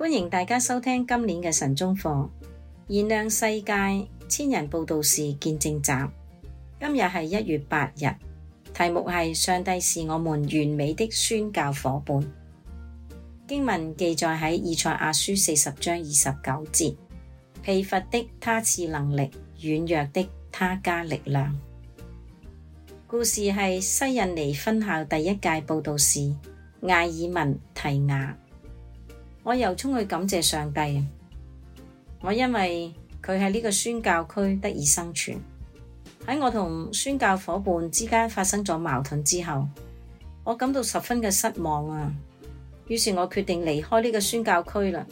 歡迎大家收聽今年嘅晨鐘課，燃亮世界千人佈道士見證集。今日係一月八日，題目係上帝是我們完美的宣教夥伴。經文記載喺以賽亞書四十章二十九節，疲乏的他賜能力，軟弱的他加力量。故事係西印尼分校第一屆佈道士艾爾文提亞。我由衷去感謝上帝，我因為佢喺呢個宣教區得以生存。喺我同宣教伙伴之間發生咗矛盾之後，我感到十分嘅失望啊！於是，我決定離開呢個宣教區啦。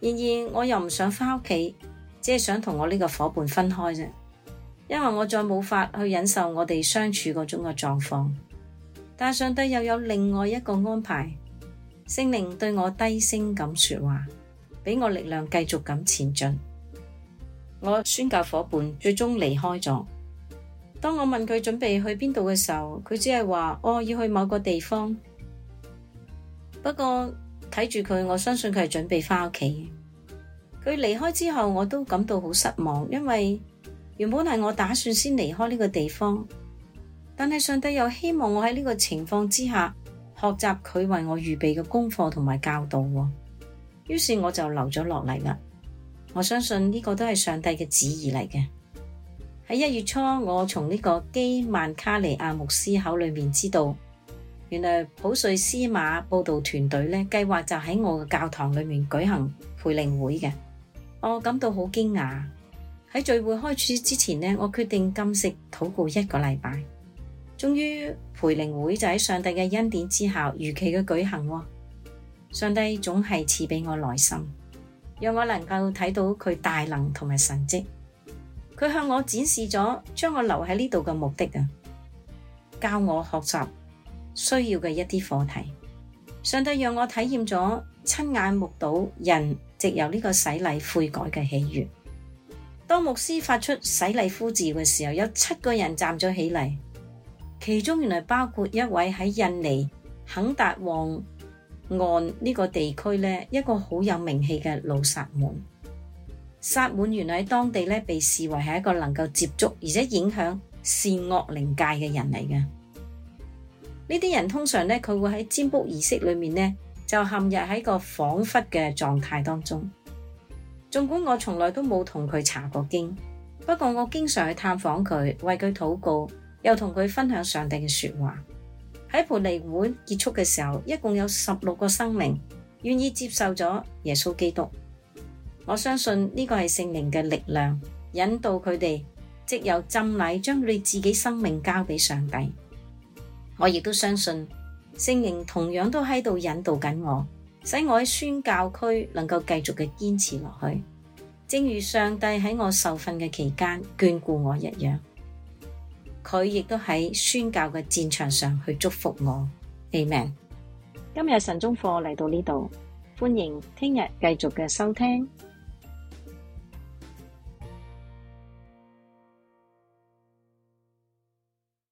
然而，我又唔想返屋企，只係想同我呢個伙伴分開啫，因為我再冇法去忍受我哋相處嗰種嘅狀況。但上帝又有另外一個安排。聖靈對我低聲咁說話，畀我力量繼續咁前進。我宣教伙伴最終離開咗。當我問佢準備去邊度嘅時候，佢只係話：哦，要去某個地方。不過睇住佢，我相信佢係準備返屋企。佢離開之後，我都感到好失望，因為原本係我打算先離開呢個地方，但係上帝又希望我喺呢個情況之下。學習佢為我預備嘅功課同埋教導，於是我就留咗落嚟啦。我相信呢個都係上帝嘅旨意嚟嘅。喺一月初，我從呢個基曼卡尼亞牧師口裏面知道，原來普瑞斯馬佈道團隊呢計劃就喺我嘅教堂裏面舉行培靈會嘅。我感到好驚訝。喺聚會開始之前呢，我決定禁食禱告一個禮拜。終於培靈會就喺上帝嘅恩典之下如期嘅舉行，哦。上帝總係賜俾我耐心，讓我能夠睇到佢大能同埋神跡。佢向我展示咗將我留喺呢度嘅目的，教我學習需要嘅一啲課題。上帝讓我體驗咗親眼目睹人藉由呢個洗禮悔改嘅喜悅。當牧師發出洗禮呼召嘅時候，有七個人站咗起嚟。其中原來包括一位喺印尼肯達旺岸呢個地區呢一個好有名氣嘅老薩滿。薩滿原來喺當地呢被視為係一個能夠接觸而且影響善惡靈界嘅人嚟嘅。呢啲人通常呢，佢會喺占卜儀式裏面呢，就陷入喺個恍惚嘅狀態當中。儘管我從來都冇同佢查過經，不過我經常去探訪佢，為佢禱告。又同佢分享上帝嘅說話。喺培利會結束嘅時候，一共有十六個生命願意接受咗耶穌基督。我相信呢個係聖靈嘅力量引導佢哋，即由浸禮將佢哋自己生命交俾上帝。我亦都相信聖靈同樣都喺度引導緊我，使我喺宣教區能夠繼續嘅堅持落去，正如上帝喺我受訓嘅期間眷顧我一樣。佢亦都喺宣教嘅戰場上去祝福我，Amen。今日晨鐘課嚟到呢度，歡迎聽日繼續嘅收聽。